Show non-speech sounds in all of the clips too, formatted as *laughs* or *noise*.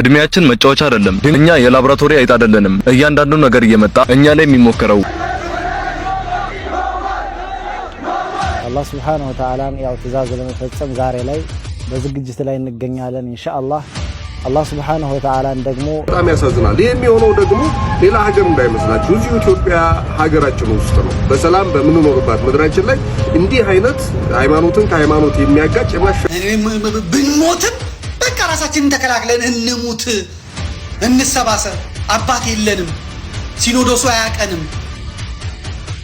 እድሜያችን መጫወቻ አይደለም። እኛ የላብራቶሪ አይጥ አይደለንም። እያንዳንዱ ነገር እየመጣ እኛ ላይ የሚሞከረው አላህ ሱብሓነሁ ወተዓላን ያው ትእዛዝ ለመፈጸም ዛሬ ላይ በዝግጅት ላይ እንገኛለን ኢንሻአላህ። አላህ ሱብሓነሁ ወተዓላን ደግሞ በጣም ያሳዝናል። ይህ የሚሆነው ደግሞ ሌላ ሀገር እንዳይመስላችሁ እዚሁ ኢትዮጵያ ሀገራችን ውስጥ ነው። በሰላም በምንኖርባት ምድራችን ላይ እንዲህ አይነት ሃይማኖትን ከሃይማኖት የሚያጋጭ ማሽ ብንሞትም ራሳችንን ተከላክለን እንሙት፣ እንሰባሰብ። አባት የለንም፣ ሲኖዶሱ አያቀንም።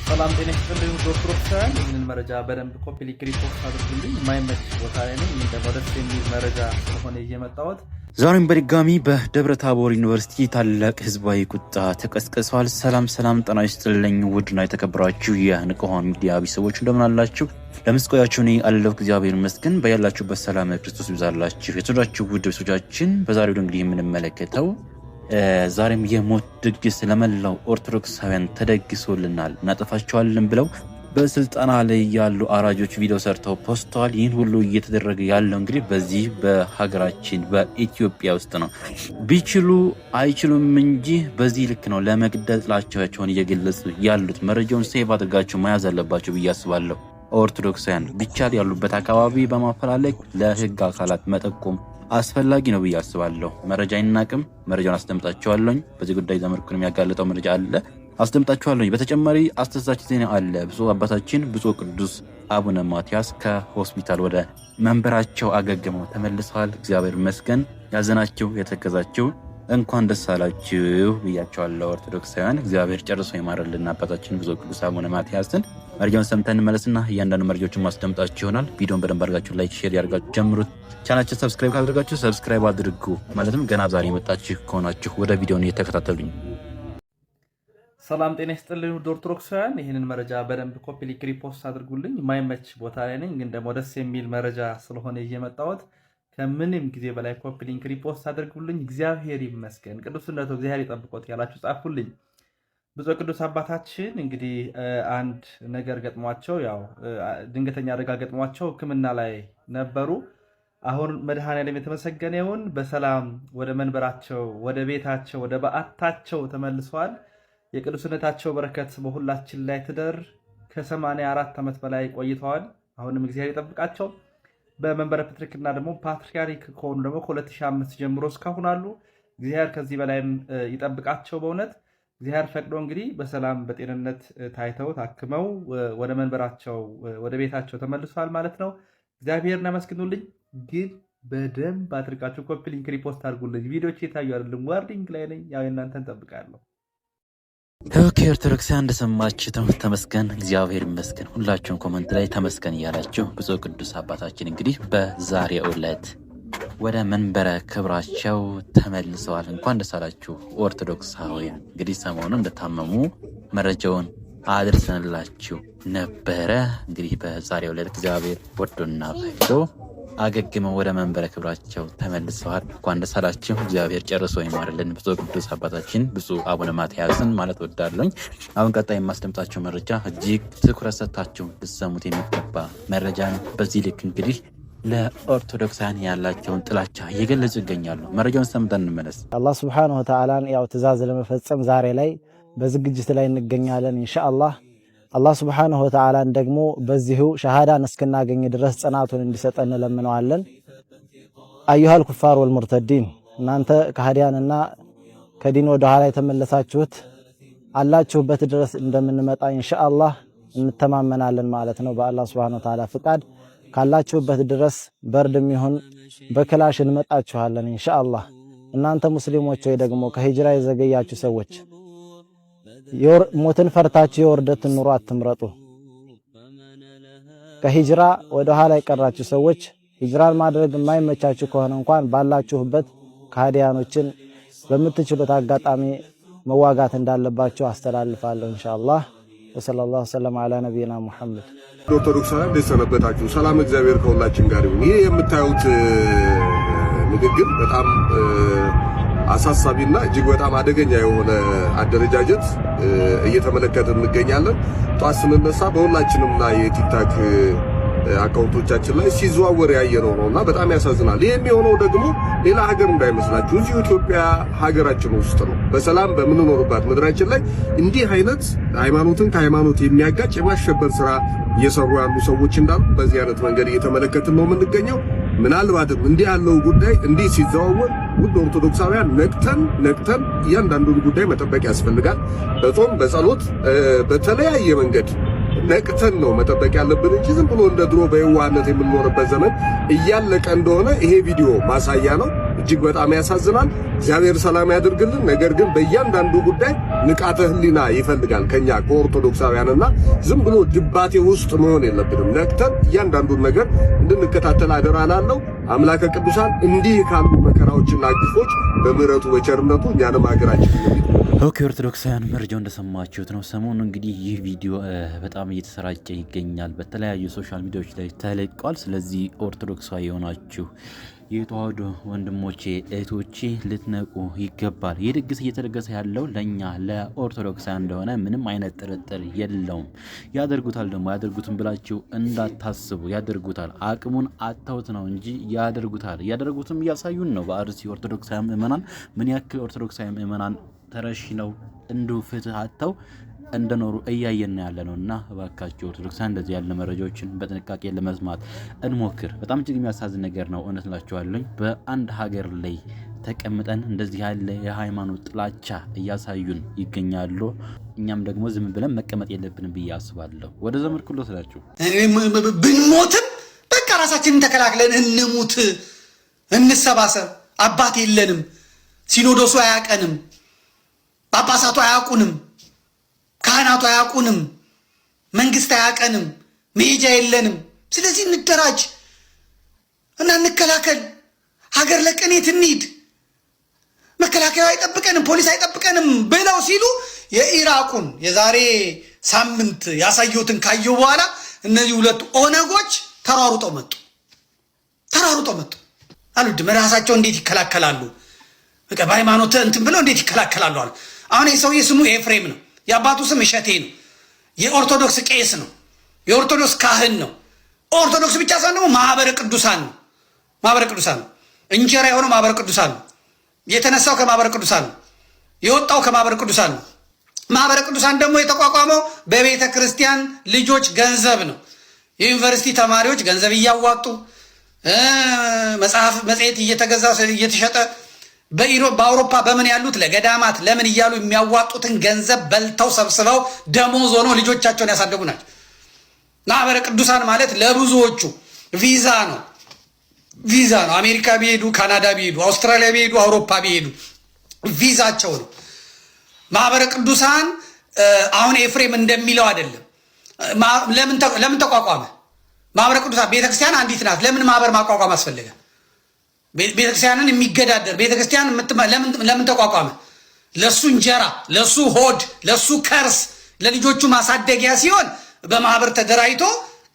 ሰላም ጤና ይስጥልኝ ዶክተሮቻን ይህንን መረጃ በደንብ ኮፒ ሊክ ሪፖርት አድርጉልኝ። የማይመች ቦታ ላይ ነኝ፣ ደስ የሚል መረጃ ስለሆነ እየመጣሁት ዛሬም በድጋሚ በደብረ ታቦር ዩኒቨርሲቲ ታላቅ ህዝባዊ ቁጣ ተቀስቅሷል። ሰላም ሰላም፣ ጤና ይስጥልኝ ውድና የተከበራችሁ የንቅሆን ሚዲያ ቤተሰቦች እንደምን አላችሁ? ለምስቆያችሁ እኔ አለሁ እግዚአብሔር ይመስገን። በያላችሁበት ሰላም ክርስቶስ ይብዛላችሁ። የተወዳችሁ ውድ ቤተሰቦቻችን በዛሬው እንግዲህ የምንመለከተው ዛሬም የሞት ድግስ ለመላው ኦርቶዶክሳውያን ተደግሶልናል፣ እናጠፋቸዋለን ብለው በስልጠና ላይ ያሉ አራጆች ቪዲዮ ሰርተው ፖስተዋል። ይህን ሁሉ እየተደረገ ያለው እንግዲህ በዚህ በሀገራችን በኢትዮጵያ ውስጥ ነው። ቢችሉ አይችሉም እንጂ በዚህ ልክ ነው ለመግደል ጥላቻቸውን እየገለጹ ያሉት። መረጃውን ሴቭ አድርጋቸው መያዝ አለባቸው ብዬ አስባለሁ። ኦርቶዶክሳውያን ቢቻል ያሉበት አካባቢ በማፈላለግ ለህግ አካላት መጠቆም አስፈላጊ ነው ብዬ አስባለሁ። መረጃ አይናቅም። መረጃውን አስደምጣቸዋለኝ። በዚህ ጉዳይ ዘመድኩን የሚያጋልጠው መረጃ አለ አስደምጣችኋለሁ። በተጨማሪ አስደሳች ዜና አለ። ብፁዕ አባታችን ብፁዕ ቅዱስ አቡነ ማትያስ ከሆስፒታል ወደ መንበራቸው አገግመው ተመልሰዋል። እግዚአብሔር ይመስገን። ያዘናችሁ የተከዛችሁ እንኳን ደስ አላችሁ ብያቸዋለሁ። ኦርቶዶክሳውያን እግዚአብሔር ጨርሶ ይማርልን። አባታችን ብፁዕ ቅዱስ አቡነ ማትያስን መረጃውን ሰምተን እንመለስና እያንዳንዱ መረጃዎችን ማስደምጣችሁ ይሆናል። ቪዲዮን በደንብ አድርጋችሁ ላይክ፣ ሼር ያርጋችሁ ጀምሩት። ቻናችን ሰብስክራይብ ካደርጋችሁ ሰብስክራይብ አድርጉ። ማለትም ገና ዛሬ የመጣችሁ ከሆናችሁ ወደ ቪዲዮን እየተከታተሉኝ ሰላም ጤና ይስጥልኝ ውድ ኦርቶዶክሳውያን፣ ይህንን መረጃ በደንብ ኮፒ ሊክ ሪፖስት አድርጉልኝ። የማይመች ቦታ ላይ ነኝ፣ ግን ደግሞ ደስ የሚል መረጃ ስለሆነ እየመጣሁት ከምንም ጊዜ በላይ ኮፒ ሊንክ፣ ሪፖስት አድርጉልኝ። እግዚአብሔር ይመስገን፣ ቅዱስነቱ እግዚአብሔር ይጠብቆት ያላችሁ ጻፉልኝ። ብፁዕ ቅዱስ አባታችን እንግዲህ አንድ ነገር ገጥሟቸው፣ ያው ድንገተኛ አደጋ ገጥሟቸው ሕክምና ላይ ነበሩ። አሁን መድኃኔዓለም የተመሰገነ ይሁን በሰላም ወደ መንበራቸው ወደ ቤታቸው ወደ በዓታቸው ተመልሰዋል። የቅዱስነታቸው በረከት በሁላችን ላይ ትደር። ከሰማንያ አራት ዓመት በላይ ቆይተዋል። አሁንም እግዚአብሔር ይጠብቃቸው። በመንበረ ፕትርክና ደግሞ ፓትርያርክ ከሆኑ ደግሞ ከ2005 ጀምሮ እስካሁን አሉ። እግዚአብሔር ከዚህ በላይም ይጠብቃቸው። በእውነት እግዚአብሔር ፈቅዶ እንግዲህ በሰላም በጤንነት ታይተው ታክመው ወደ መንበራቸው ወደ ቤታቸው ተመልሷል ማለት ነው። እግዚአብሔርን አመስግኑልኝ። ግን በደንብ አድርጋችሁ ኮፒ ሊንክ ሪፖስት አድርጉልኝ። ቪዲዮች የታዩ አይደለም፣ ዋርዲንግ ላይ ነኝ። ያው እናንተን ጠብቃለሁ። ኦኬ ኦርቶዶክሳውያን እንደሰማች ተመስገን እግዚአብሔር ይመስገን። ሁላችሁም ኮመንት ላይ ተመስገን እያላችሁ ብፁዕ ቅዱስ አባታችን እንግዲህ በዛሬ ዕለት ወደ መንበረ ክብራቸው ተመልሰዋል። እንኳን ደስ አላችሁ ኦርቶዶክሳውያን። እንግዲህ ሰሞኑን እንደታመሙ መረጃውን አድርሰንላችሁ ነበረ። እንግዲህ በዛሬ ዕለት እግዚአብሔር ወዶና ፈቅዶ አገግመው ወደ መንበረ ክብራቸው ተመልሰዋል። እንኳን ደስ አላችሁ። እግዚአብሔር ጨርሶ ይማርልን። ብፁዕ ቅዱስ አባታችን ብፁዕ አቡነ ማትያስን ማለት ወዳለኝ። አሁን ቀጣይ የማስደምጣቸው መረጃ እጅግ ትኩረት ሰጥታችሁ ልሰሙት የሚገባ መረጃ ነው። በዚህ ልክ እንግዲህ ለኦርቶዶክሳን ያላቸውን ጥላቻ እየገለጹ ይገኛሉ። መረጃውን ሰምተን እንመለስ። አላህ ስብሐነሁ ወተዓላን ያው ትእዛዝ ለመፈጸም ዛሬ ላይ በዝግጅት ላይ እንገኛለን ኢንሻአላህ አላህ ስብሓንሁ ወተዓላን ደግሞ በዚሁ ሸሃዳን እስክናገኝ ድረስ ጽናቱን እንዲሰጠን እንለምነዋለን። አዩሃል ኩፋር ወልሙርተዲን፣ እናንተ ከሃዲያንና ከዲን ወደ ኋላ የተመለሳችሁት አላችሁበት ድረስ እንደምንመጣ ኢንሻአላህ እንተማመናለን ማለት ነው። በአላህ ስብሓንሁ ወተዓላ ፍቃድ ካላችሁበት ድረስ በርድም ይሁን በክላሽ እንመጣችኋለን ኢንሻአላህ። እናንተ ሙስሊሞች ወይ ደግሞ ከሂጅራ የዘገያችሁ ሰዎች ሞትን ፈርታችሁ የወርደት ኑሮ አትምረጡ። ከሂጅራ ወደ ኋላ የቀራችሁ ሰዎች ሂጅራን ማድረግ የማይመቻችሁ ከሆነ እንኳን ባላችሁበት ከሃዲያኖችን በምትችሉት አጋጣሚ መዋጋት እንዳለባችሁ አስተላልፋለሁ። ኢንሻአላህ ወሰለላሁ ወሰለም አላ ነቢይና ሙሐመድ። ኦርቶዶክሳውያን እንደሰነበታችሁ፣ ሰላም እግዚአብሔር ከሁላችን ጋር ይሁን። ይህ የምታዩት ንግግር በጣም አሳሳቢና እጅግ በጣም አደገኛ የሆነ አደረጃጀት እየተመለከተ እንገኛለን። ጧት ስንነሳ ላይ የቲክታክ አካውንቶቻችን ላይ ሲዘዋወር ያየነው ነው እና በጣም ያሳዝናል። ይህ የሚሆነው ደግሞ ሌላ ሀገር እንዳይመስላችሁ እዚሁ ኢትዮጵያ ሀገራችን ውስጥ ነው። በሰላም በምንኖርባት ምድራችን ላይ እንዲህ አይነት ሃይማኖትን ከሃይማኖት የሚያጋጭ የማሸበር ስራ እየሰሩ ያሉ ሰዎች እንዳሉ በዚህ አይነት መንገድ እየተመለከትን ነው የምንገኘው። ምናልባትም እንዲህ ያለው ጉዳይ እንዲህ ሲዘዋወር ውድ ኦርቶዶክሳውያን ነቅተን ነቅተን እያንዳንዱን ጉዳይ መጠበቅ ያስፈልጋል። በጾም በጸሎት በተለያየ መንገድ ነቅተን ነው መጠበቅ ያለብን እንጂ ዝም ብሎ እንደ ድሮ በየዋህነት የምንኖርበት ዘመን እያለቀ እንደሆነ ይሄ ቪዲዮ ማሳያ ነው። እጅግ በጣም ያሳዝናል። እግዚአብሔር ሰላም ያድርግልን። ነገር ግን በእያንዳንዱ ጉዳይ ንቃተ ህሊና ይፈልጋል ከኛ ከኦርቶዶክሳውያንና ዝም ብሎ ድባቴ ውስጥ መሆን የለብንም። ነቅተን እያንዳንዱን ነገር እንድንከታተል አደራ ላለው አምላከ ቅዱሳን እንዲህ ካሉ መከራዎችና ግፎች በምሕረቱ በቸርነቱ እኛንም ሀገራችን ኦኬ ኦርቶዶክሳውያን መረጃው እንደሰማችሁት ነው። ሰሞኑ እንግዲህ ይህ ቪዲዮ በጣም እየተሰራጨ ይገኛል፣ በተለያዩ ሶሻል ሚዲያዎች ላይ ተለቋል። ስለዚህ ኦርቶዶክሳዊ የሆናችሁ የተዋህዶ ወንድሞቼ እህቶቼ ልትነቁ ይገባል። ይህ ድግስ እየተደገሰ ያለው ለእኛ ለኦርቶዶክሳ እንደሆነ ምንም አይነት ጥርጥር የለውም። ያደርጉታል ደግሞ ያደርጉትን ብላችሁ እንዳታስቡ ያደርጉታል። አቅሙን አታውት ነው እንጂ ያደርጉታል። ያደረጉትም እያሳዩን ነው። በአርሲ ኦርቶዶክሳዊ ምእመናን ምን ያክል ኦርቶዶክሳዊ ምእመናን ተረሽ ነው እንዱ ፍትህ አጥተው እንደኖሩ እያየን ያለ ነው እና እባካችሁ ኦርቶዶክሳ እንደዚህ ያለ መረጃዎችን በጥንቃቄ ለመስማት እንሞክር። በጣም እጅግ የሚያሳዝን ነገር ነው። እውነት ላቸዋለኝ በአንድ ሀገር ላይ ተቀምጠን እንደዚህ ያለ የሃይማኖት ጥላቻ እያሳዩን ይገኛሉ። እኛም ደግሞ ዝም ብለን መቀመጥ የለብንም ብዬ አስባለሁ። ወደ ክሎ ስላችሁ ብንሞትም በቃ ራሳችንን ተከላክለን እንሙት፣ እንሰባሰብ። አባት የለንም፣ ሲኖዶሱ አያቀንም፣ ጳጳሳቱ አያውቁንም። ካህናቱ አያውቁንም፣ መንግስት አያውቀንም፣ መሄጃ የለንም። ስለዚህ እንደራጅ እና እንከላከል። ሀገር ለቀን የት እንሂድ? መከላከያው አይጠብቀንም፣ ፖሊስ አይጠብቀንም ብለው ሲሉ የኢራቁን የዛሬ ሳምንት ያሳየሁትን ካየሁ በኋላ እነዚህ ሁለት ኦነጎች ተሯሩጠው መጡ። ተሯሩጠው መጡ አሉድ ራሳቸው እንዴት ይከላከላሉ? በቃ በሃይማኖት እንትን ብለው እንዴት ይከላከላሉ አሁን የሰውዬ ስሙ ኤፍሬም ነው። የአባቱ ስም እሸቴ ነው። የኦርቶዶክስ ቄስ ነው። የኦርቶዶክስ ካህን ነው። ኦርቶዶክስ ብቻ ሳይሆን ደግሞ ማህበረ ቅዱሳን ነው። ማህበረ ቅዱሳን ነው። እንጀራ የሆነው ማህበረ ቅዱሳን ነው። የተነሳው ከማህበረ ቅዱሳን ነው። የወጣው ከማህበረ ቅዱሳን ነው። ማህበረ ቅዱሳን ደግሞ የተቋቋመው በቤተ ክርስቲያን ልጆች ገንዘብ ነው። የዩኒቨርሲቲ ተማሪዎች ገንዘብ እያዋጡ መጽሐፍ መጽሔት እየተገዛ እየተሸጠ በአውሮፓ በምን ያሉት ለገዳማት ለምን እያሉ የሚያዋጡትን ገንዘብ በልተው ሰብስበው ደሞዝ ሆነው ልጆቻቸውን ያሳደጉ ናቸው። ማህበረ ቅዱሳን ማለት ለብዙዎቹ ቪዛ ነው፣ ቪዛ ነው። አሜሪካ ቢሄዱ፣ ካናዳ ቢሄዱ፣ አውስትራሊያ ቢሄዱ፣ አውሮፓ ቢሄዱ ቪዛቸው ነው። ማህበረ ቅዱሳን አሁን ኤፍሬም እንደሚለው አይደለም። ለምን ተቋቋመ ማህበረ ቅዱሳን? ቤተክርስቲያን አንዲት ናት። ለምን ማህበር ማቋቋም አስፈልጋል? ቤተክርስቲያንን የሚገዳደር ቤተክርስቲያን ለምን ተቋቋመ? ለሱ እንጀራ፣ ለሱ ሆድ፣ ለሱ ከርስ፣ ለልጆቹ ማሳደጊያ ሲሆን በማህበር ተደራጅቶ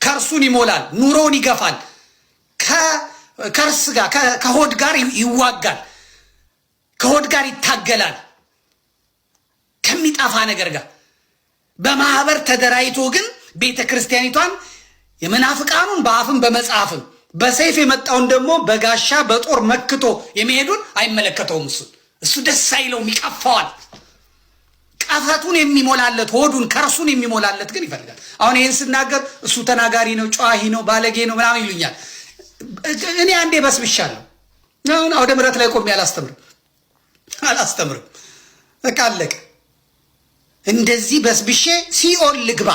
ከርሱን ይሞላል፣ ኑሮውን ይገፋል፣ ከከርስ ጋር ከሆድ ጋር ይዋጋል፣ ከሆድ ጋር ይታገላል፣ ከሚጣፋ ነገር ጋር። በማህበር ተደራጅቶ ግን ቤተ ክርስቲያኒቷን የመናፍቃኑን በአፍም በመጽሐፍም በሰይፍ የመጣውን ደግሞ በጋሻ በጦር መክቶ የሚሄዱን አይመለከተውም። እሱን እሱ ደስ አይለውም፣ ይቀፋዋል። ቀፈቱን የሚሞላለት ሆዱን ከርሱን የሚሞላለት ግን ይፈልጋል። አሁን ይህን ስናገር እሱ ተናጋሪ ነው፣ ጨዋሂ ነው፣ ባለጌ ነው ምናምን ይሉኛል። እኔ አንዴ በስብሻለሁ። አሁን አውደ ምረት ላይ ቆሜ አላስተምርም አላስተምርም። በቃ አለቀ። እንደዚህ በስብሼ ሲኦል ልግባ፣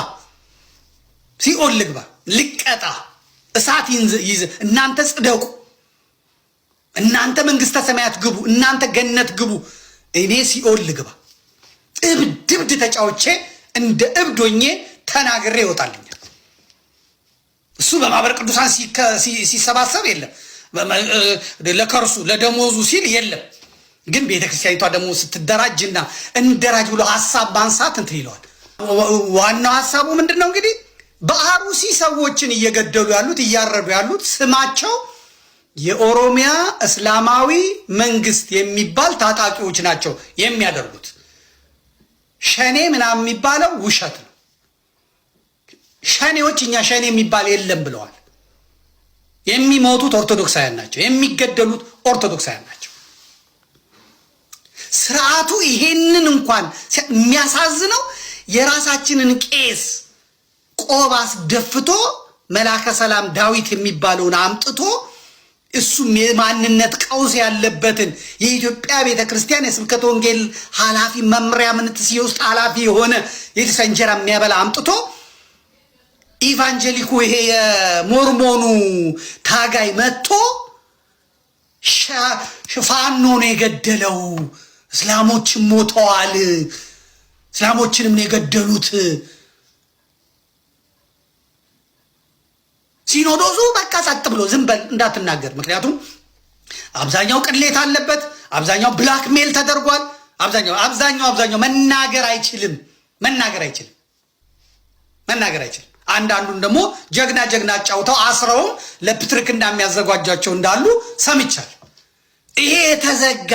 ሲኦል ልግባ፣ ልቀጣ እሳት ይዝ እናንተ ጽደቁ፣ እናንተ መንግስተ ሰማያት ግቡ፣ እናንተ ገነት ግቡ፣ እኔ ሲኦል ልግባ። እብድ እብድ እንደ እብዶኜ ተናግሬ ይወጣልኛል። እሱ በማህበረ ቅዱሳን ሲሰባሰብ የለም ለከርሱ ለደሞዙ ሲል የለም። ግን ቤተክርስቲያኒቷ ደግሞ ስትደራጅና እንደራጅ ብሎ ሀሳብ ባንሳት እንትን ይለዋል። ዋናው ሀሳቡ ምንድን ነው እንግዲህ በአሩሲ ሰዎችን እየገደሉ ያሉት እያረዱ ያሉት ስማቸው የኦሮሚያ እስላማዊ መንግስት የሚባል ታጣቂዎች ናቸው የሚያደርጉት። ሸኔ ምናምን የሚባለው ውሸት ነው። ሸኔዎች እኛ ሸኔ የሚባል የለም ብለዋል። የሚሞቱት ኦርቶዶክሳውያን ናቸው፣ የሚገደሉት ኦርቶዶክሳውያን ናቸው። ስርዓቱ ይሄንን እንኳን የሚያሳዝነው የራሳችንን ቄስ ቆብ አስደፍቶ መላከ ሰላም ዳዊት የሚባለውን አምጥቶ እሱም የማንነት ቀውስ ያለበትን የኢትዮጵያ ቤተ ክርስቲያን የስብከት ወንጌል ኃላፊ መምሪያ ምንትስ ውስጥ ኃላፊ የሆነ የጢስ እንጀራ የሚያበላ አምጥቶ ኢቫንጀሊኩ ይሄ የሞርሞኑ ታጋይ መጥቶ ፋኖን የገደለው እስላሞችን ሞተዋል፣ እስላሞችንም የገደሉት ሲኖዶሱ በቃ ጸጥ ብሎ ዝም በል እንዳትናገር። ምክንያቱም አብዛኛው ቅሌት አለበት፣ አብዛኛው ብላክሜል ተደርጓል። አብዛኛው አብዛኛው አብዛኛው መናገር አይችልም፣ መናገር አይችልም፣ መናገር አይችልም። አንዳንዱን ደግሞ ጀግና ጀግና ጫውተው አስረውም ለፕትርክ እንዳሚያዘጓጃቸው እንዳሉ ሰምቻል። ይሄ የተዘጋ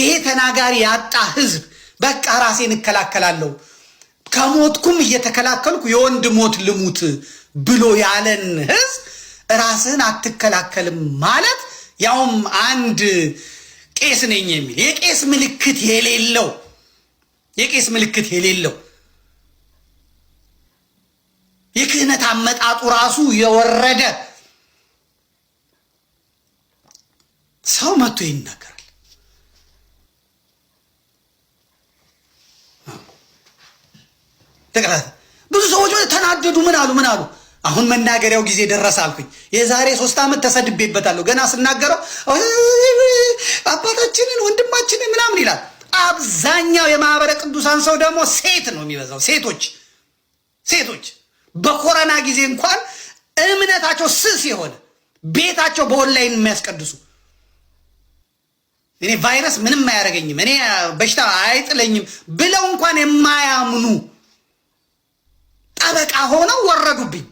ይሄ ተናጋሪ ያጣ ህዝብ በቃ ራሴን እከላከላለሁ ከሞትኩም እየተከላከልኩ የወንድ ሞት ልሙት ብሎ ያለን ህዝብ ራስህን አትከላከልም ማለት ያውም አንድ ቄስ ነኝ የሚል የቄስ ምልክት የሌለው የቄስ ምልክት የሌለው የክህነት አመጣጡ ራሱ የወረደ ሰው መጥቶ ይናገራል። ብዙ ሰዎች ተናደዱ። ምን አሉ ምን አሉ አሁን መናገሪያው ጊዜ ደረሰ አልኩኝ። የዛሬ ሶስት ዓመት ተሰድቤበታለሁ። ገና ስናገረው አባታችንን ወንድማችንን ምናምን ይላል። አብዛኛው የማህበረ ቅዱሳን ሰው ደግሞ ሴት ነው የሚበዛው። ሴቶች ሴቶች በኮረና ጊዜ እንኳን እምነታቸው ስስ የሆነ ቤታቸው በኦንላይን የሚያስቀድሱ እኔ ቫይረስ ምንም አያደርገኝም እኔ በሽታ አይጥለኝም ብለው እንኳን የማያምኑ ጠበቃ ሆነው ወረዱብኝ።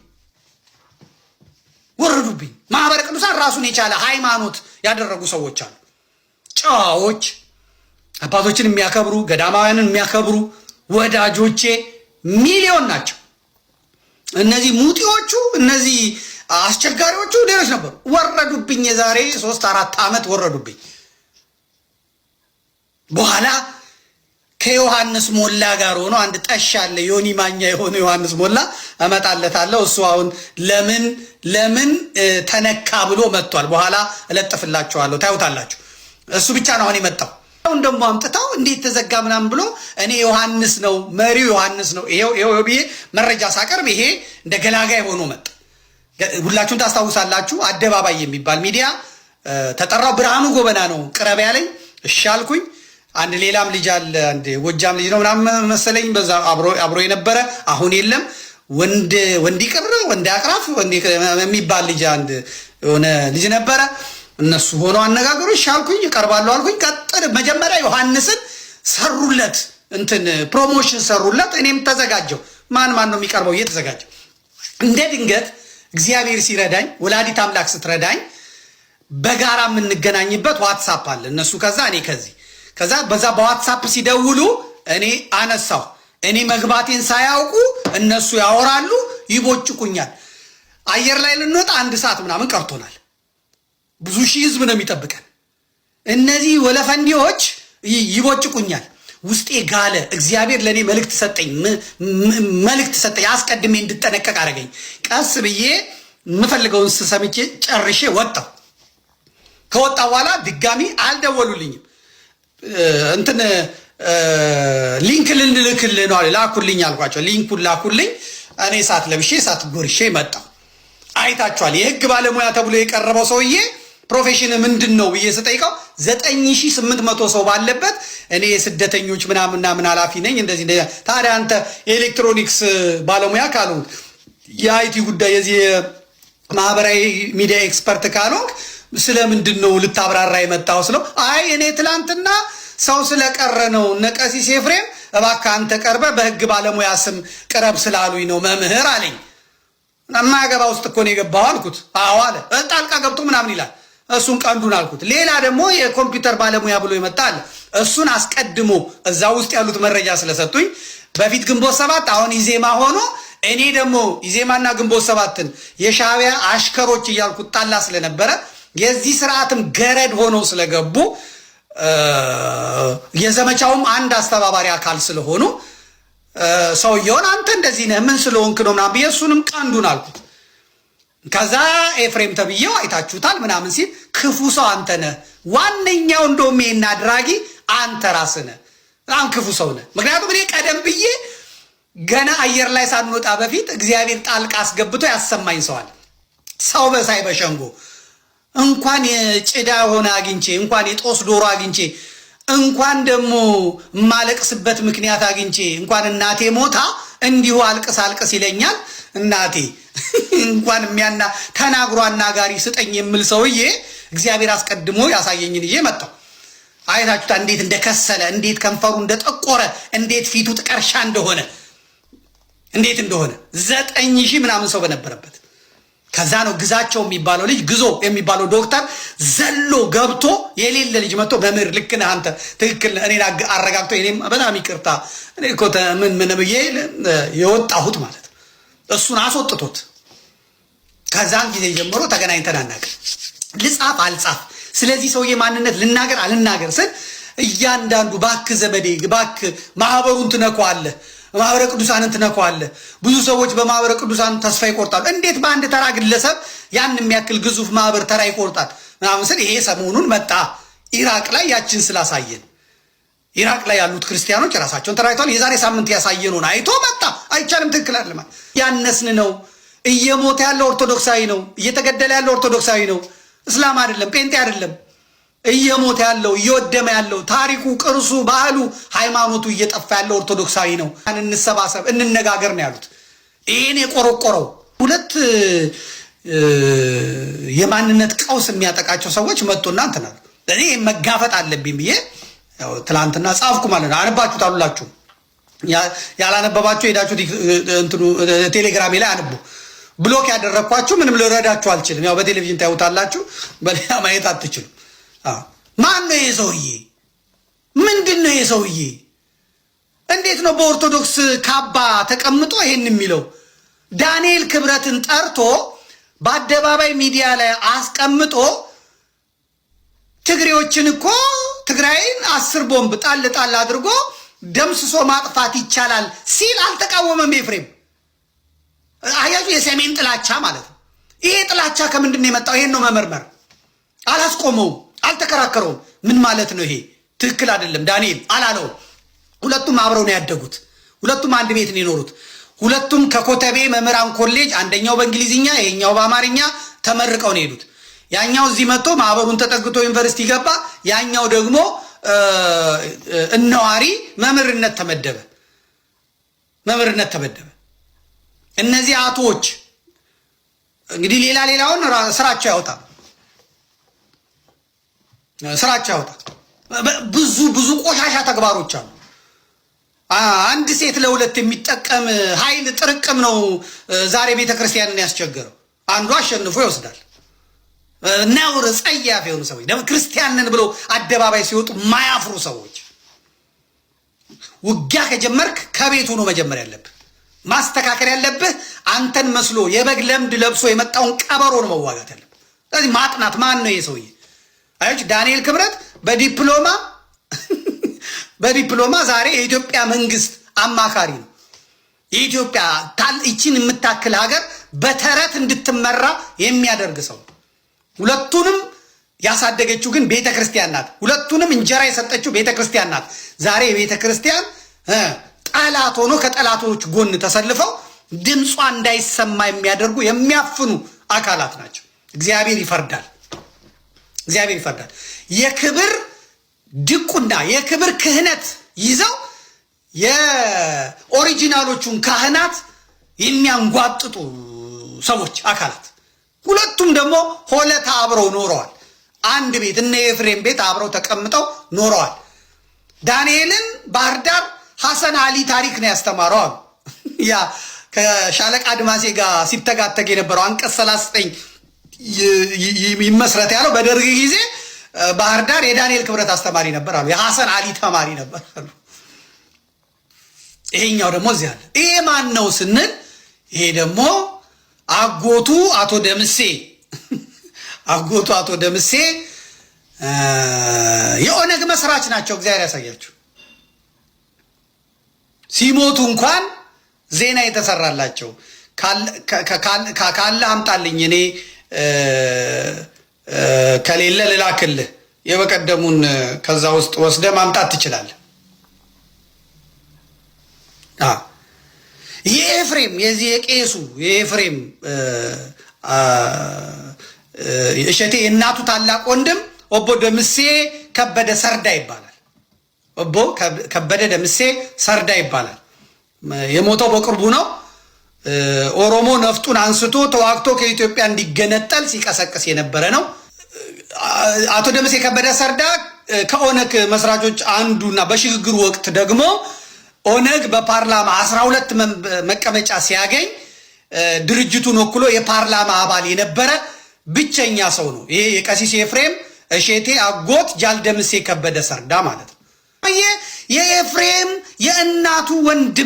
ወረዱብኝ። ማህበረ ቅዱሳን ራሱን የቻለ ሃይማኖት ያደረጉ ሰዎች አሉ። ጨዋዎች፣ አባቶችን የሚያከብሩ ገዳማውያንን የሚያከብሩ ወዳጆቼ ሚሊዮን ናቸው። እነዚህ ሙጢዎቹ፣ እነዚህ አስቸጋሪዎቹ ሌሎች ነበሩ። ወረዱብኝ። የዛሬ ሶስት አራት ዓመት ወረዱብኝ በኋላ ከዮሐንስ ሞላ ጋር ሆኖ አንድ ጠሽ አለ። ዮኒ ማኛ የሆነ ዮሐንስ ሞላ እመጣለታለሁ። እሱ አሁን ለምን ለምን ተነካ ብሎ መጥቷል። በኋላ እለጥፍላችኋለሁ፣ ታዩታላችሁ። እሱ ብቻ ነው አሁን የመጣው። አሁን ደግሞ አምጥታው እንዴት ተዘጋ ምናምን ብሎ እኔ ዮሐንስ ነው መሪው ዮሐንስ ነው ይሄው ብዬ መረጃ ሳቀርብ ይሄ እንደ ገላጋይ ሆኖ መጣ። ሁላችሁም ታስታውሳላችሁ። አደባባይ የሚባል ሚዲያ ተጠራው። ብርሃኑ ጎበና ነው ቅረብ ያለኝ እሻልኩኝ። አንድ ሌላም ልጅ አለ፣ አንድ ጎጃም ልጅ ነው ምናምን መሰለኝ። በዛ አብሮ የነበረ አሁን የለም። ወንድ ወንድ ይቅር ወንድ አቅራፍ የሚባል ልጅ አንድ የሆነ ልጅ ነበረ። እነሱ ሆነው አነጋገሮች አልኩኝ፣ እቀርባለሁ አልኩኝ። ቀጥል መጀመሪያ ዮሐንስን ሰሩለት፣ እንትን ፕሮሞሽን ሰሩለት። እኔም ተዘጋጀው። ማን ማን ነው የሚቀርበው? እየተዘጋጀው እንደ ድንገት እግዚአብሔር ሲረዳኝ፣ ወላዲት አምላክ ስትረዳኝ በጋራ የምንገናኝበት ዋትሳፕ አለ እነሱ ከዛ እኔ ከዚህ ከዛ በዛ በዋትሳፕ ሲደውሉ እኔ አነሳው እኔ መግባቴን ሳያውቁ እነሱ ያወራሉ፣ ይቦጭቁኛል። አየር ላይ ልንወጣ አንድ ሰዓት ምናምን ቀርቶናል። ብዙ ሺህ ህዝብ ነው የሚጠብቀን። እነዚህ ወለፈንዲዎች ይቦጭቁኛል። ውስጤ ጋለ። እግዚአብሔር ለእኔ መልእክት ሰጠኝ፣ መልእክት ሰጠኝ። አስቀድሜ እንድጠነቀቅ አደረገኝ። ቀስ ብዬ የምፈልገውን ስሰምቼ ጨርሼ ወጣው ከወጣ በኋላ ድጋሚ አልደወሉልኝም። እንትን ሊንክ ልልክልህ ነው አለ። ላኩልኝ አልኳቸው። ሊንኩን ላኩልኝ። እኔ እሳት ለብሼ እሳት ጎርሼ መጣ። አይታችኋል። የህግ ባለሙያ ተብሎ የቀረበው ሰውዬ ፕሮፌሽን ምንድን ነው ብዬ ስጠይቀው ዘጠኝ ሺህ ስምንት መቶ ሰው ባለበት እኔ የስደተኞች ምናምና ምን ኃላፊ ነኝ እንደዚህ። ታዲያ አንተ የኤሌክትሮኒክስ ባለሙያ ካልሆንክ የአይቲ ጉዳይ የዚህ ማህበራዊ ሚዲያ ኤክስፐርት ካልሆንክ ስለምንድን ነው ልታብራራ የመጣው ስለው፣ አይ እኔ ትላንትና ሰው ስለቀረ ነው እነ ቀሲስ ኤፍሬም እባክህ አንተ ቀርበ በህግ ባለሙያ ስም ቅረብ ስላሉኝ ነው መምህር አለኝ። የማያገባ ውስጥ እኮ ነው የገባው አልኩት። አዎ አለ። ጣልቃ ገብቶ ምናምን ይላል። እሱን ቀንዱን አልኩት። ሌላ ደግሞ የኮምፒውተር ባለሙያ ብሎ ይመጣ አለ። እሱን አስቀድሞ እዛ ውስጥ ያሉት መረጃ ስለሰጡኝ በፊት ግንቦት ሰባት አሁን ኢዜማ ሆኖ እኔ ደግሞ ኢዜማና ግንቦት ሰባትን የሻቢያ አሽከሮች እያልኩት ጣላ ስለነበረ የዚህ ስርዓትም ገረድ ሆነው ስለገቡ የዘመቻውም አንድ አስተባባሪ አካል ስለሆኑ ሰውየውን አንተ እንደዚህ ነህ ምን ስለሆንክ ነው ምናምን ብዬ እሱንም ቀንዱን አልኩት። ከዛ ኤፍሬም ተብዬው አይታችሁታል ምናምን ሲል ክፉ ሰው አንተ ነህ፣ ዋነኛው እንደውም ይሄን አድራጊ አንተ ራስህ ነህ፣ በጣም ክፉ ሰው ነህ። ምክንያቱም እኔ ቀደም ብዬ ገና አየር ላይ ሳንወጣ በፊት እግዚአብሔር ጣልቃ አስገብቶ ያሰማኝ ሰዋል ሰው በሳይ በሸንጎ እንኳን የጭዳ ሆነ አግኝቼ እንኳን የጦስ ዶሮ አግኝቼ እንኳን ደግሞ የማለቅስበት ምክንያት አግኝቼ እንኳን እናቴ ሞታ እንዲሁ አልቅስ አልቅስ ይለኛል። እናቴ *laughs* እንኳን የሚያና ተናግሮ አናጋሪ ስጠኝ የምል ሰውዬ እግዚአብሔር አስቀድሞ ያሳየኝን እዬ መጣው። አይታችሁታ እንዴት እንደከሰለ እንዴት ከንፈሩ እንደጠቆረ እንዴት ፊቱ ጥቀርሻ እንደሆነ እንዴት እንደሆነ ዘጠኝ ሺህ ምናምን ሰው በነበረበት ከዛ ነው ግዛቸው የሚባለው ልጅ ግዞ የሚባለው ዶክተር ዘሎ ገብቶ የሌለ ልጅ መጥቶ መምህር ልክ ነህ አንተ ትክክል ነህ እኔን አረጋግቶ እኔም በጣም ይቅርታ ምን ምን ብዬ የወጣሁት ማለት እሱን አስወጥቶት ከዛን ጊዜ ጀምሮ ተገናኝተን አናውቅም። ልጻፍ አልጻፍ ስለዚህ ሰውዬ ማንነት ልናገር አልናገር ስል እያንዳንዱ ባክ ዘመዴ ባክ ማህበሩን ትነኳለህ ማህበረ ቅዱሳንን ትነኳለህ። ብዙ ሰዎች በማህበረ ቅዱሳን ተስፋ ይቆርጣሉ። እንዴት በአንድ ተራ ግለሰብ ያን የሚያክል ግዙፍ ማህበር ተራ ይቆርጣል? ምናምን ስል ይሄ ሰሞኑን መጣ ኢራቅ ላይ ያችን ስላሳየን ኢራቅ ላይ ያሉት ክርስቲያኖች ራሳቸውን ተራይተዋል። የዛሬ ሳምንት ያሳየነውን አይቶ መጣ። አይቻልም፣ ትክክል ያነስን ነው። እየሞተ ያለው ኦርቶዶክሳዊ ነው። እየተገደለ ያለው ኦርቶዶክሳዊ ነው። እስላም አይደለም፣ ጴንጤ አይደለም። እየሞተ ያለው እየወደመ ያለው ታሪኩ፣ ቅርሱ፣ ባህሉ፣ ሃይማኖቱ እየጠፋ ያለው ኦርቶዶክሳዊ ነው። እንሰባሰብ እንነጋገር ነው ያሉት። ይህን የቆረቆረው ሁለት የማንነት ቀውስ የሚያጠቃቸው ሰዎች መጡ። እናንት አሉ። እኔ መጋፈጥ አለብኝ ብዬ ትላንትና ጻፍኩ ማለት ነው። አነባችሁት አሉላችሁ። ያላነበባችሁ ሄዳችሁት ቴሌግራሜ ላይ አንቡ። ብሎክ ያደረግኳችሁ ምንም ልረዳችሁ አልችልም። ያው በቴሌቪዥን ታዩታላችሁ፣ በሌላ ማየት አትችሉም። ማን ነው ይሄ ሰውዬ? ምንድን ነው ይሄ ሰውዬ? እንዴት ነው በኦርቶዶክስ ካባ ተቀምጦ ይሄን የሚለው? ዳንኤል ክብረትን ጠርቶ በአደባባይ ሚዲያ ላይ አስቀምጦ ትግሬዎችን እኮ ትግራይን አስር ቦምብ ጣል ጣል አድርጎ ደምስሶ ማጥፋት ይቻላል ሲል አልተቃወመም። ኤፍሬም አያዙ የሰሜን ጥላቻ ማለት ነው። ይሄ ጥላቻ ከምንድን ነው የመጣው? ይሄን ነው መመርመር። አላስቆመውም። አልተከራከረውም። ምን ማለት ነው ይሄ? ትክክል አይደለም ዳንኤል አላለው ሁለቱም አብረው ነው ያደጉት። ሁለቱም አንድ ቤት ነው የኖሩት። ሁለቱም ከኮተቤ መምህራን ኮሌጅ አንደኛው በእንግሊዝኛ ይሄኛው በአማርኛ ተመርቀው ነው የሄዱት። ያኛው እዚህ መጥቶ ማህበሩን ተጠግቶ ዩኒቨርሲቲ ገባ። ያኛው ደግሞ እነዋሪ መምህርነት ተመደበ መምህርነት ተመደበ። እነዚህ አቶዎች እንግዲህ ሌላ ሌላውን ስራቸው ያወጣል። ስራቸው ያወጣት ብዙ ብዙ ቆሻሻ ተግባሮች አሉ። አንድ ሴት ለሁለት የሚጠቀም ኃይል ጥርቅም ነው ዛሬ ቤተ ክርስቲያንን ያስቸገረው። አንዱ አሸንፎ ይወስዳል። ነውር፣ ጸያፍ የሆኑ ሰዎች ደግሞ ክርስቲያንን ብለው አደባባይ ሲወጡ ማያፍሩ ሰዎች። ውጊያ ከጀመርክ ከቤቱ ነው መጀመር ያለብህ። ማስተካከል ያለብህ አንተን መስሎ የበግ ለምድ ለብሶ የመጣውን ቀበሮ ነው መዋጋት ያለብህ። ስለዚህ ማጥናት ማን ነው ይሄ ሰውዬ አዮች ዳንኤል ክብረት በዲፕሎማ *laughs* በዲፕሎማ ዛሬ የኢትዮጵያ መንግስት አማካሪ ነው። የኢትዮጵያ ይችን የምታክል ሀገር በተረት እንድትመራ የሚያደርግ ሰው ሁለቱንም ያሳደገችው ግን ቤተ ክርስቲያን ናት። ሁለቱንም እንጀራ የሰጠችው ቤተ ክርስቲያን ናት። ዛሬ የቤተ ክርስቲያን ጠላት ሆኖ ከጠላቶች ጎን ተሰልፈው ድምጿ እንዳይሰማ የሚያደርጉ የሚያፍኑ አካላት ናቸው። እግዚአብሔር ይፈርዳል። እግዚአብሔር ይፈርዳል። የክብር ድቁና የክብር ክህነት ይዘው የኦሪጂናሎቹን ካህናት የሚያንጓጥጡ ሰዎች አካላት ሁለቱም ደግሞ ሆለታ አብረው ኖረዋል። አንድ ቤት እነ ኤፍሬም ቤት አብረው ተቀምጠው ኖረዋል። ዳንኤልን ባህር ዳር ሐሰን አሊ ታሪክ ነው ያስተማረው አሉ ያ ከሻለቃ አድማሴ ጋር ሲተጋተግ የነበረው አንቀጽ 39 ይመስረት ያለው በደርግ ጊዜ ባህር ዳር የዳንኤል ክብረት አስተማሪ ነበር አሉ። የሐሰን አሊ ተማሪ ነበር አሉ። ይሄኛው ደግሞ እዚህ አለ። ይሄ ማን ነው ስንል ይሄ ደግሞ አጎቱ አቶ ደምሴ አጎቱ አቶ ደምሴ የኦነግ መስራች ናቸው። እግዚአብሔር ያሳያቸው። ሲሞቱ እንኳን ዜና የተሰራላቸው ካለ አምጣልኝ እኔ ከሌለ ልላክልህ የበቀደሙን ከዛ ውስጥ ወስደ ማምጣት ትችላለህ። ኤፍሬም የዚህ የቄሱ የኤፍሬም እሸቴ የእናቱ ታላቅ ወንድም ኦቦ ደምሴ ከበደ ሰርዳ ይባላል። ኦቦ ከበደ ደምሴ ሰርዳ ይባላል። የሞተው በቅርቡ ነው። ኦሮሞ ነፍጡን አንስቶ ተዋግቶ ከኢትዮጵያ እንዲገነጠል ሲቀሰቅስ የነበረ ነው። አቶ ደምሴ ከበደ ሰርዳ ከኦነግ መስራቾች አንዱና በሽግግሩ ወቅት ደግሞ ኦነግ በፓርላማ አስራ ሁለት መቀመጫ ሲያገኝ ድርጅቱን ወክሎ የፓርላማ አባል የነበረ ብቸኛ ሰው ነው። ይሄ የቀሲስ ኤፍሬም እሼቴ አጎት ጃልደምሴ ከበደ ሰርዳ ማለት ነው። የኤፍሬም የእናቱ ወንድም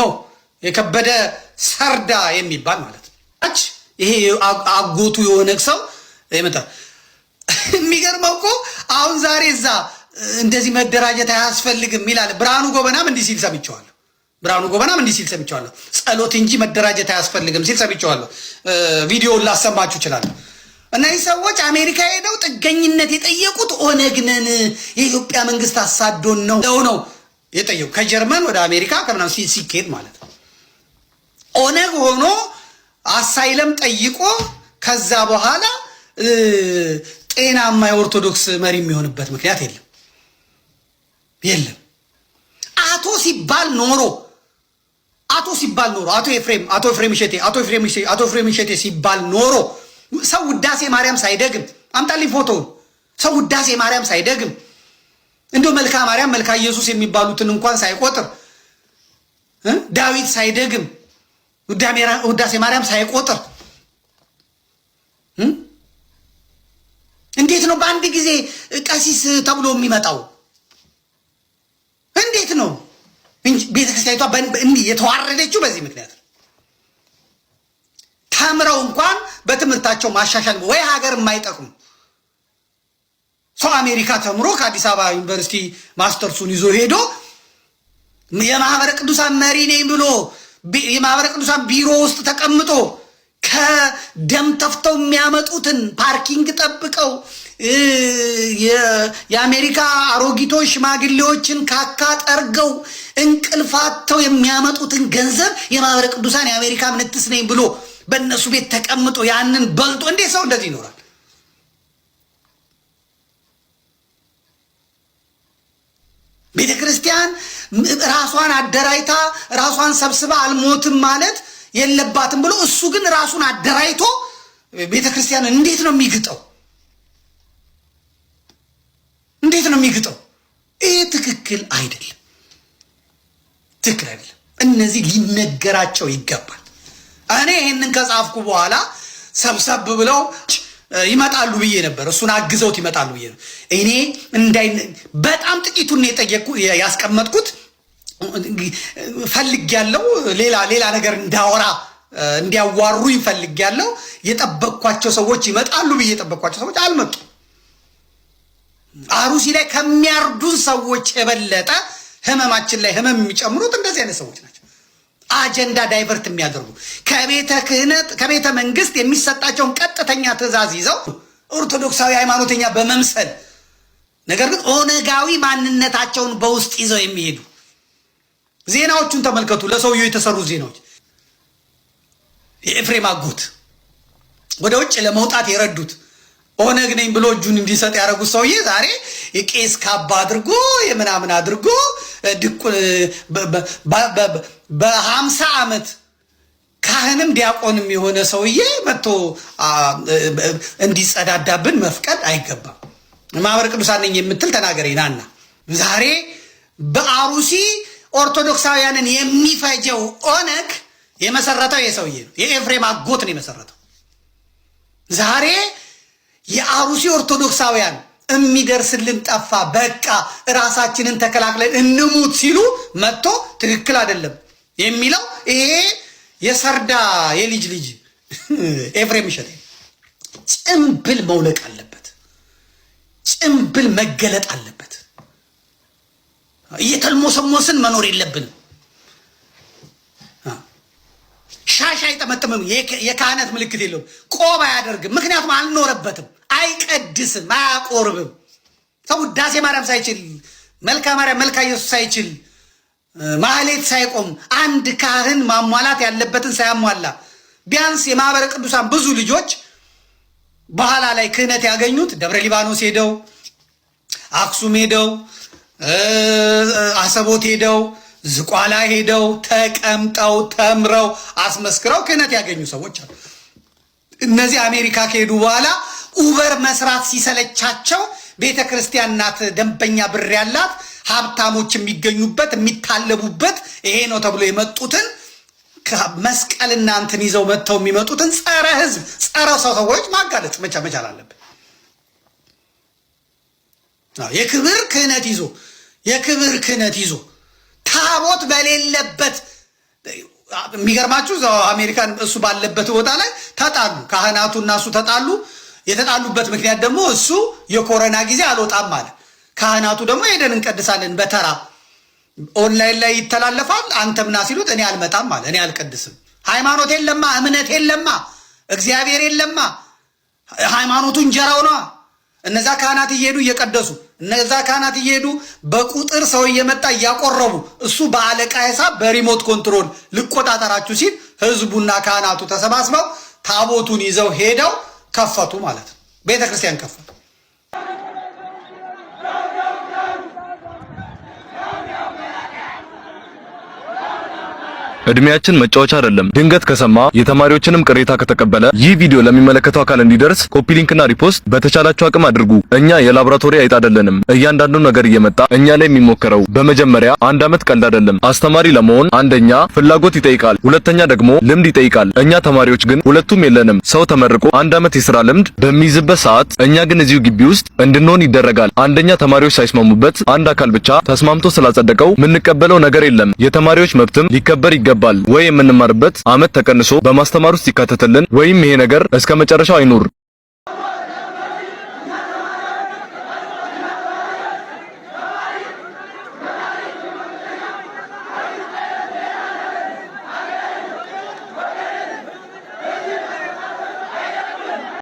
ነው። የከበደ ሰርዳ የሚባል ማለት ነው። ይሄ አጎቱ የሆነ ሰው ይመጣል። *laughs* የሚገርመው እኮ አሁን ዛሬ እዛ እንደዚህ መደራጀት አያስፈልግም ይላል። ብርሃኑ ጎበናም እንዲህ ሲል ሰምቼዋለሁ። ብርሃኑ ጎበናም እንዲህ ሲል ሰምቼዋለሁ። ጸሎት እንጂ መደራጀት አያስፈልግም ሲል ሰምቼዋለሁ። ቪዲዮውን ላሰማችሁ እችላለሁ። እነዚህ ሰዎች አሜሪካ ሄደው ጥገኝነት የጠየቁት ኦነግነን የኢትዮጵያ መንግስት አሳዶን ነው ነው የጠየቁ ከጀርመን ወደ አሜሪካ ከምናምን ሲኬድ ማለት ነው ኦነግ ሆኖ አሳይለም ጠይቆ ከዛ በኋላ ጤናማ የኦርቶዶክስ መሪ የሚሆንበት ምክንያት የለም የለም። አቶ ሲባል ኖሮ አቶ ሲባል ኖሮ አቶ ኤፍሬም አቶ ኤፍሬም እሸቴ አቶ ኤፍሬም እሸቴ አቶ ኤፍሬም እሸቴ ሲባል ኖሮ ሰው ውዳሴ ማርያም ሳይደግም አምጣልኝ ፎቶውን ሰው ውዳሴ ማርያም ሳይደግም እንዶ መልካ ማርያም መልካ ኢየሱስ የሚባሉትን እንኳን ሳይቆጥር ዳዊት ሳይደግም ውዳሴ ማርያም ሳይቆጥር እንዴት ነው በአንድ ጊዜ ቀሲስ ተብሎ የሚመጣው? እንዴት ነው? ቤተክርስቲያኒቷ የተዋረደችው በዚህ ምክንያት ነው። ተምረው እንኳን በትምህርታቸው ማሻሻል ወይ ሀገር የማይጠቅሙ ሰው አሜሪካ ተምሮ ከአዲስ አበባ ዩኒቨርሲቲ ማስተርሱን ይዞ ሄዶ የማህበረ ቅዱሳን መሪ ነኝ ብሎ የማህበረ ቅዱሳን ቢሮ ውስጥ ተቀምጦ ከደም ተፍተው የሚያመጡትን ፓርኪንግ ጠብቀው የአሜሪካ አሮጊቶች ሽማግሌዎችን ካካ ጠርገው እንቅልፋተው የሚያመጡትን ገንዘብ የማህበረ ቅዱሳን የአሜሪካ ምንትስ ነኝ ብሎ በእነሱ ቤት ተቀምጦ ያንን በልጦ እንዴት ሰው እንደዚህ ይኖራል? ቤተ ክርስቲያን ራሷን አደራይታ ራሷን ሰብስባ አልሞትም ማለት የለባትም ብሎ እሱ ግን ራሱን አደራይቶ ቤተ ክርስቲያን እንዴት ነው የሚግጠው? እንዴት ነው የሚግጠው? ይህ ትክክል አይደለም፣ ትክክል አይደለም። እነዚህ ሊነገራቸው ይገባል። እኔ ይህንን ከጻፍኩ በኋላ ሰብሰብ ብለው ይመጣሉ ብዬ ነበር። እሱን አግዘውት ይመጣሉ ብዬ ነበር። እኔ እንዳይ በጣም ጥቂቱን የጠየቅኩ ያስቀመጥኩት ፈልግ ያለው ሌላ ሌላ ነገር እንዳወራ እንዲያዋሩ ይፈልግ ያለው የጠበቅኳቸው ሰዎች ይመጣሉ ብዬ የጠበቅኳቸው ሰዎች አልመጡ። አሩሲ ላይ ከሚያርዱን ሰዎች የበለጠ ህመማችን ላይ ህመም የሚጨምሩት እንደዚህ አይነት ሰዎች ናቸው። አጀንዳ ዳይቨርት የሚያደርጉ ከቤተ ክህነት ከቤተ መንግስት የሚሰጣቸውን ቀጥተኛ ትዕዛዝ ይዘው ኦርቶዶክሳዊ ሃይማኖተኛ በመምሰል ነገር ግን ኦነጋዊ ማንነታቸውን በውስጥ ይዘው የሚሄዱ ዜናዎቹን ተመልከቱ። ለሰውየው የተሰሩ ዜናዎች የኤፍሬም አጎት ወደ ውጭ ለመውጣት የረዱት ኦነግ ነኝ ብሎ እጁን እንዲሰጥ ያደረጉት ሰውዬ ዛሬ የቄስ ካባ አድርጎ የምናምን አድርጎ በሀምሳ ዓመት ካህንም ዲያቆንም የሆነ ሰውዬ መጥቶ እንዲጸዳዳብን መፍቀድ አይገባም። ማህበረ ቅዱሳን ነኝ የምትል ተናገር ናና ዛሬ በአሩሲ ኦርቶዶክሳውያንን የሚፈጀው ኦነግ የመሰረተው የሰውዬ ነው። የኤፍሬም አጎት ነው የመሰረተው። ዛሬ የአሩሲ ኦርቶዶክሳውያን የሚደርስልን ጠፋ፣ በቃ እራሳችንን ተከላክለን እንሙት ሲሉ መጥቶ ትክክል አይደለም የሚለው ይሄ የሰርዳ የልጅ ልጅ ኤፍሬም እሸቴ ጭምብል መውለቅ አለበት። ጭምብል መገለጥ አለበት። እየተልሞሰሞስን መኖር የለብንም። ሻሽ አይጠመጥምም። የካህነት ምልክት የለውም። ቆብ አያደርግም። ምክንያቱም አልኖረበትም። አይቀድስም፣ አያቆርብም። ሰው ውዳሴ ማርያም ሳይችል መልካ ማርያም መልካ ኢየሱስ ሳይችል ማህሌት ሳይቆም አንድ ካህን ማሟላት ያለበትን ሳያሟላ ቢያንስ የማህበረ ቅዱሳን ብዙ ልጆች በኋላ ላይ ክህነት ያገኙት ደብረ ሊባኖስ ሄደው፣ አክሱም ሄደው፣ አሰቦት ሄደው፣ ዝቋላ ሄደው ተቀምጠው ተምረው አስመስክረው ክህነት ያገኙ ሰዎች አሉ። እነዚህ አሜሪካ ከሄዱ በኋላ ኡበር መስራት ሲሰለቻቸው ቤተ ክርስቲያን ናት ደንበኛ ብር ያላት ሀብታሞች የሚገኙበት የሚታለቡበት ይሄ ነው ተብሎ የመጡትን መስቀልና እናንትን ይዘው መጥተው የሚመጡትን ጸረ ህዝብ፣ ጸረ ሰው ሰዎች ማጋለጥ መቻ መቻል አለብን። የክብር ክህነት ይዞ የክብር ክህነት ይዞ ታቦት በሌለበት የሚገርማችሁ አሜሪካን እሱ ባለበት ቦታ ላይ ተጣሉ። ካህናቱ እና እሱ ተጣሉ። የተጣሉበት ምክንያት ደግሞ እሱ የኮረና ጊዜ አልወጣም ማለት ካህናቱ ደግሞ ሄደን እንቀድሳለን በተራ ኦንላይን ላይ ይተላለፋል። አንተ ምና ሲሉት እኔ አልመጣም አለ። እኔ አልቀድስም። ሃይማኖት የለማ፣ እምነት የለማ፣ እግዚአብሔር የለማ። ሃይማኖቱ እንጀራው ነዋ። እነዛ ካህናት እየሄዱ እየቀደሱ እነዛ ካህናት እየሄዱ በቁጥር ሰው እየመጣ እያቆረቡ እሱ በአለቃ ሂሳብ በሪሞት ኮንትሮል ልቆጣጠራችሁ ሲል ህዝቡና ካህናቱ ተሰባስበው ታቦቱን ይዘው ሄደው ከፈቱ ማለት ነው። ቤተክርስቲያን ከፈቱ። እድሜያችን መጫወቻ አይደለም። ድንገት ከሰማ የተማሪዎችንም ቅሬታ ከተቀበለ ይህ ቪዲዮ ለሚመለከተው አካል እንዲደርስ ኮፒ ሊንክና ሪፖስት በተቻላችሁ አቅም አድርጉ። እኛ የላብራቶሪ አይጥ አይደለንም። እያንዳንዱ ነገር እየመጣ እኛ ላይ የሚሞከረው በመጀመሪያ አንድ ዓመት ቀልድ አይደለም። አስተማሪ ለመሆን አንደኛ ፍላጎት ይጠይቃል፣ ሁለተኛ ደግሞ ልምድ ይጠይቃል። እኛ ተማሪዎች ግን ሁለቱም የለንም። ሰው ተመርቆ አንድ ዓመት የስራ ልምድ በሚይዝበት ሰዓት እኛ ግን እዚሁ ግቢ ውስጥ እንድንሆን ይደረጋል። አንደኛ ተማሪዎች ሳይስማሙበት አንድ አካል ብቻ ተስማምቶ ስላጸደቀው የምንቀበለው ነገር የለም። የተማሪዎች መብትም ሊከበር ይገባል። ይገባል ወይ የምንማርበት አመት ተቀንሶ በማስተማር ውስጥ ይካተትልን ወይም ይሄ ነገር እስከ መጨረሻው አይኑር።